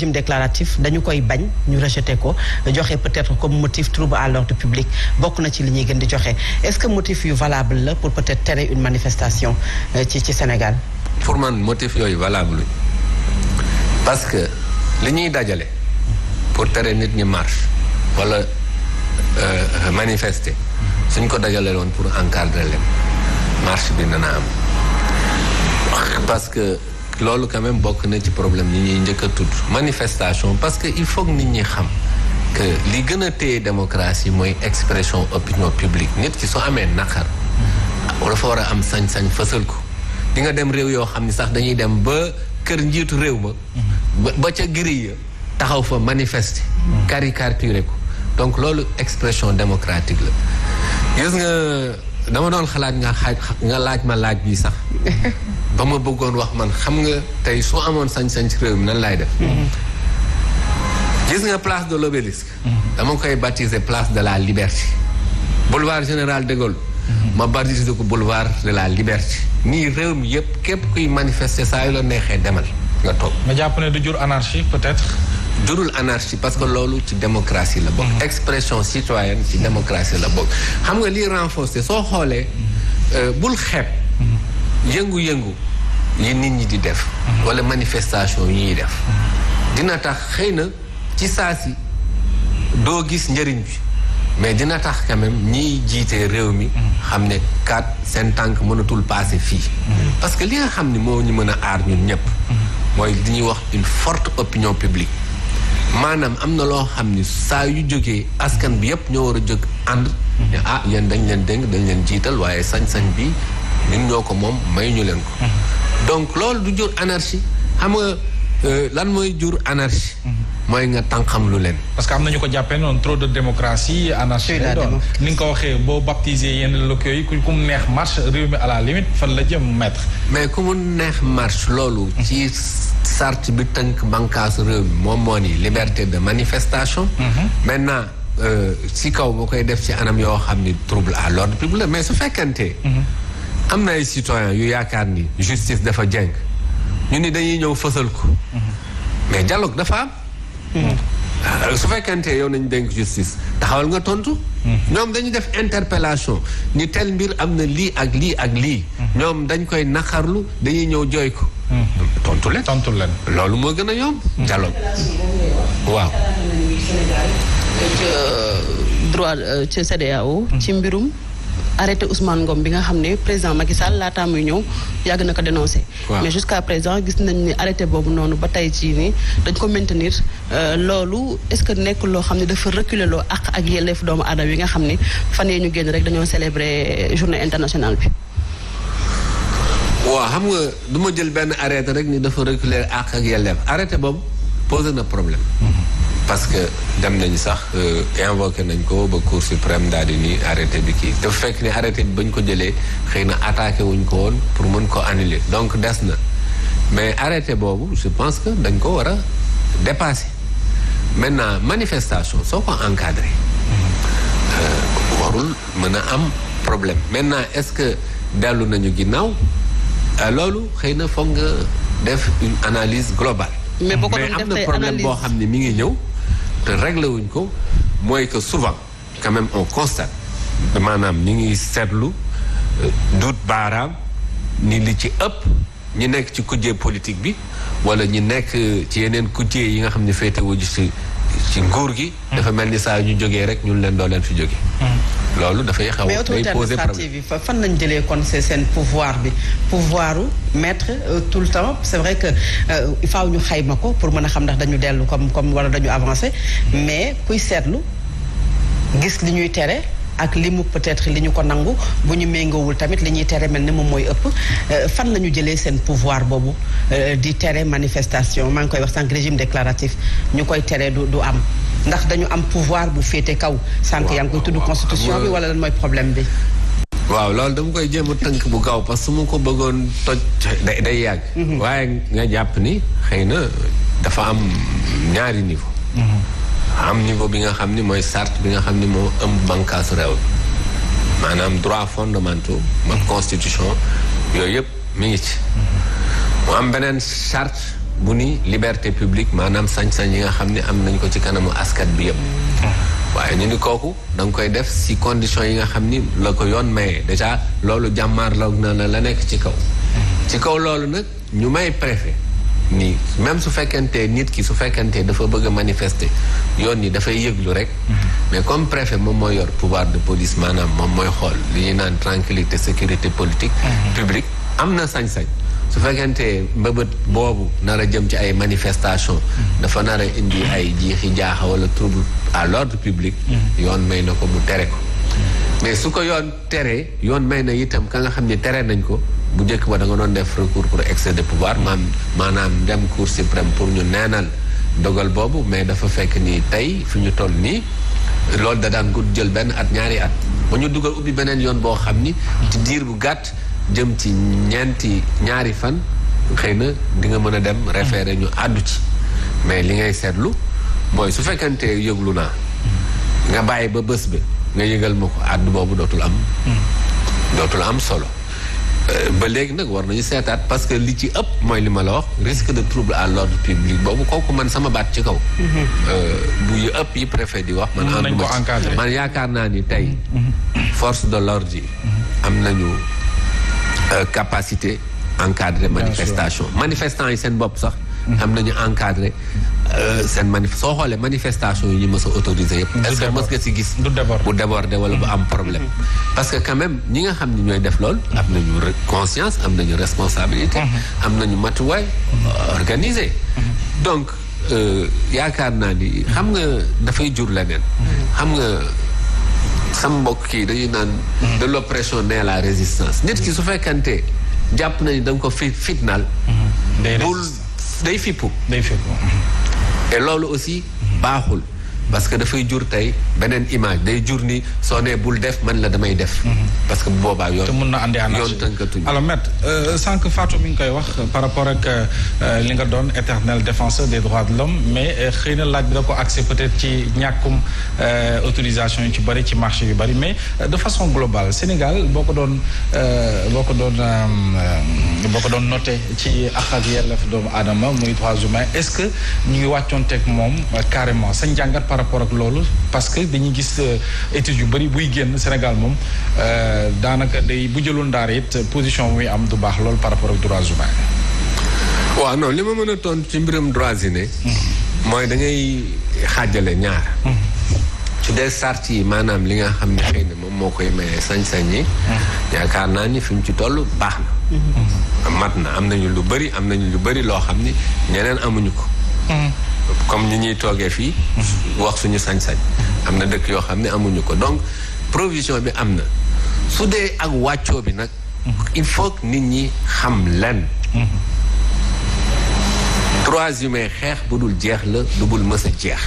régime déclaratif dañu koy bañ ñu rejeté ko joxe peut-être comme motif trouble à l'ordre public bokk na ci li ñuy gën di joxe est-ce que motif yu valable la pour peut-être tere une manifestation euh, ci ci Sénégal. pour man motif yooyu valable parce que li ñuy dajale pour tere nit ñi marche wala euh, manifester suñ ko dajale woon pour encadrer leen marche bi dana am parce que. loolu quand même bokk na ci problème yi ñuy njëkk a tudd manifestation parce que il faut que nit ñi xam que li gën a téye démocratie mooy expression opinion publique nit ki soo amee naqar dafa war a am sañ-sañ fësal ko di nga dem réew yoo xam ni sax dañuy dem ba kër njiitu réew ma ba ca giri ya taxaw fa manifester mm-hmm. caricaturé ko donc loolu expression démocratique la gis nga dama doon xalaat nga xaaj nga laaj ma laaj bii sax ba ma bëggoon wax man xam nga tey soo amoon sañ-sañ ci réew mi nan laay def mm-hmm. gis nga place de l'obélisque mm-hmm. dama koy baptiser place de la liberté boulevard général de Gaulle mm-hmm. ma baptiser ko boulevard de la liberté nii réew mi yëpp képp kuy manifester saa yu la neexee demal nga toog nga jàpp ne du jur anarchie peut jurul anarchie parce que loolu ci démocratie la bokk. Mm-hmm. expression citoyenne ci démocratie la bokk. xam nga lii renforcer soo xoolee euh, bul xep mm-hmm. yëngu-yëngu yi nit ñi di def. Mm-hmm. wala manifestation yi ñuy def. dina tax xëy na ci saa si doo gis njëriñ bi mais dina tax quand même ñiy jiite réew mi. xam ne kat seen tànk mënatul passé fii. parce que li nga xam ni moo ñu mën a aar ñun ñëpp. mooy li ñuy wax une forte opinion publique. maanaam am na loo xam ni saa yu jógee askan bi yëpp ñoo war a jóg ànd ne ah dañ leen dénk dañ leen jiital waaye sañ-sañ bi ñun ñoo ko moom may ñu leen ko mhm. donc loolu du jur anarchie xam nga Euh, lan mooy jur anarchie. Mhm. mooy nga tànqam lu leen. parce que am na ñu ko jàppee noonu trop de démocratie anarchie lay doon ni nga ko waxee boo baptisé yenn locaux yi ku mu neex marche mi à la fan la jëm maître. mais ku mu neex marche loolu. Mhm. ci charte bi tënk bànqaasu réew mi moom moo ni liberté de manifestation. Mhm. maintenant euh, si kaw boo koy def ci anam yoo xam ni trouble à l'ordre public mais su fekkante. am na ay citoyens yu yaakaar ni justice dafa jeng. ñu ni dañuy ñëw fësal ko mais jaloog dafa am su fekkantee yow nañ dénk justice taxawal nga tontu ñoom dañu def interpellation ñu tel mbir am na lii ak lii ak lii ñoom dañ koy naqarlu dañuy ñëw jooy ko tontu leen tontu leen loolu moo gën a yomb dialogue waaw euh, droit euh, ci CEDEAO ci mbirum arrêté Ousmane Ngom bi nga xam ne président Macky Sall laataa muy ñëw yàgg na ko dénoncé. mais jusqu'à présent gis nañ ni arrêté boobu noonu ba tey jii nii dañ ko maintenir euh, loolu est-ce que nekk loo xam ne dafa reculer loo àq ak yelleef doomu aadama yi nga xam ne fan yee ñu génn rek dañoo célébrer journée internationale bi. waaw xam nga du jël benn arrêté rek ni dafa reculer àq ak yelleef arrêté boobu posé na problème. Mm-hmm. parce que dem nañu sax euh, invoqué nañ ko ba cour suprême daal di ni arrêté bi kii te fekk ne arrêté bi bañ ko jëlee xëy na attaqué wuñ ko woon pour mën ko annuler donc des na mais arrêté boobu je pense que dañ ko war a dépassé maintenant manifestation soo ko encadré euh, warul mën a am problème maintenant est-ce que dellu nañu ginnaaw euh, loolu xëy na foog nga def une analyse globale mais boo ko doon def tey analyse mais am na problème boo xam ne mi ngi ñëw. te réglé ko mooy que souvent quand même on constate maanaam ñi ngi seetlu euh, duut baaraam ni li ci ëpp ñi nekk ci kujjee politique bi wala ñi nekk euh, ci yeneen kujjee yi nga xam ne féete wu ci ci nguur gi. Hmm. dafa mel ni saa ñu jógee rek ñun leen doo leen fi jóge hmm. loolu dafay xaw a. mais autorité administrative yi fan lañ jëlee kon seen pouvoir bi pouvoiru mettre euh, tout le temps est vrai que euh, il faut ñu xayma ko pour mën a xam ndax dañu dellu comme comme wala dañu avancé mais kuy seetlu gis li ñuy tere. ak li mu peut-être li ñu ko nangu bu ñu méngoowul tamit li ñuy tere mel ne moom mooy ëpp euh, fan la ñu jëlee seen pouvoir boobu di tere manifestation maa ngi koy wax sànq régime déclaratif ñu koy tere du du am ndax dañu am pouvoir bu féete kaw. sànq yaa ngi koy tudd constitution bi wala lan mooy problème bi. waaw loolu dama koy jéem a tënk bu gaaw parce que mu ko bëggoon toj day day yàgg. Mhm. waaye nga jàpp ni xëy na dafa am ñaari niveau. Mhm. am niveau bi nga xam ni mooy charte bi nga xam ni moo ëmb bànqaasu réew bi maanaam droit fondamentaux ma mhm. constitution yooyu yëpp mi ngi ci. mu am beneen chart bu ni liberté publique maanaam sañ-sañ yi nga xam ne am nañ ko ci kanamu askat bi yëpp. waaye ñu ni kooku da nga koy def si condition yi nga xam ni la ko yoon mayee dèjà loolu jàmmaarloog na la la nekk ci kaw. ci kaw loolu na ñu may préfet nii même su fekkentee nit ki su fekkentee dafa bëgg a manifester yoon ni dafay yëglu rek. mais comme préfet moom mooy yor pouvoir de police maanaam moom mooy xool li ñuy naan tranquillité sécurité politique. Mhm. publique am na sañ su fekkente mbëbët boobu nar a jëm ci ay manifestation dafa nar indi ay jiixi jaaxa wala trouble à l'ordre public yoon may na ko mu tere mais su ko yoon teree yoon may na itam ka nga xam ne tere nañ ko bu njëkk ba da nga doon def recours pour excès de pouvoir maam maanaam dem cour suprême pour ñu neenal dogal boobu mais dafa fekk nii tey fi ñu toll nii loolu da daan gudd jël benn at ñaari at ba ñu dugal ubbi beneen yoon boo xam ni ci diir bu gàtt jëm ci ñeenti ñaari fan xëy na di nga mën a dem référé ñu àddu ci mais li ngay seetlu mooy su fekkante yëglu naa nga bàyyi ba bës bi nga yëgal ma ko àddu boobu dootul am dootul am solo euh, ba léegi nag war nañu seetaat parce que li ci ëpp mooy li ma la wax risque de trouble à l'ordre public boobu kooku man sama baat ci kaw euh, bu yu ëpp yi préfet di wax man ànduma man yaakaar naa ni tey mhm. force de l'ordre yi mhm. am nañu Euh, capacité encadrer manifestation manifestant yi seen bopp sax am nañu encadré euh, seen manif soo xoolee manifestation yi ñu mës a autorisé yëpp mm-hmm. est-ce si gis bu débordé wala bu am problème mm-hmm. parce que quand même ñi nga xam ni ñooy def lool am na nañu conscience am nañu responsabilité mm-hmm. am na ñu nañu matuwaay organisé donc euh, yaakaar naa ni xam nga dafay jur leneen xam nga sama mbokk kii dañuy naan de l'oppression naît la résistance nit ki su fekkante jàpp nañu da nga ko fi fitnaal bul day fippu day fippu et loolu aussi baaxul parce que dafay jur tey beneen image day jur ni soo nee bul def man la damay def. parce que bu boobaa yoon. te mun na andi anarchie yoon tënkatuñu. alors maître euh, sànq Fatou mi ngi koy wax par rapport ak euh, euh, li nga doon éternel défenseur des droits de l'homme mais xëy na laaj bi da ko accès peut-être ci ñàkkum autorisation yu ci bari ci marché yu bari mais de façon globale Sénégal boo ko doon boo ko doon boo ko doon noté ci àq ak yelleef doomu aadama muy droits humains est-ce que ñu ngi wàccoon teg moom carrément sa njàngat rapport ak loolu parce que dañuy gis euh, études yu bëri buy génn Sénégal moom euh, daanaka day bu jëloon daara it position muy am du baax loolu par rapport ak droits humains. waaw non li ma mën a tontu ci mbiram droits yi ne. Mhm. mooy da ngay xaajale ñaar. su dee sart yi maanaam li nga xam ne xëy na moom moo koy maye sañ-sañ yi. Mhm. yaakaar naa ni fi mu ci toll baax na. Mhm. mat na am nañu lu bëri am nañu lu bëri loo xam ni ñeneen amuñu ko. comme ni ñuy toogee fii. wax suñu sañ-sañ. am na dëkk yoo xam ne amuñu ko donc provision bi am na su dee ak wàccoo bi nag. il faut nit ñi xam lan. droits humains xeex bu dul jeex la du bul mës a jeex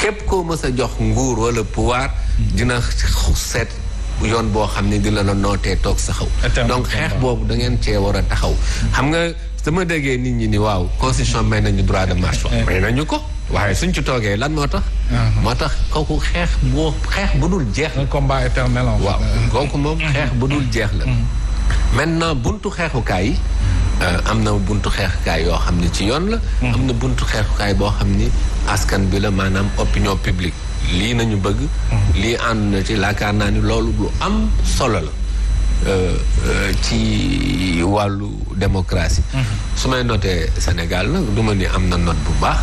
képp koo mës a jox nguur wala pouvoir dina seet yoon boo xam ne dina la nootee toog sa xaw donc xeex boobu da ngeen cee war a taxaw xam nga. sama déggee nit ñi ni waaw constitution may nañu droit de marche wax eh. may nañu ko waaye suñ ci toogee lan moo tax uh-huh. moo tax kooku xeex boo xeex bu dul jeex la combat éternel waaw uh-huh. kooku moom xeex bu dul jeex la uh-huh. maintenant buntu xeexukaay yi uh, am na buntu xeexukaay yoo xam ni ci yoon la am na buntu xeexukaay boo xam ni askan bi la maanaam opinion publique lii nañu bëgg lii ànd na ci laakaar naa ni loolu lu am solo la ci wàllu démocratie. Mhm. su may notee Sénégal nag du ni am na note bu baax.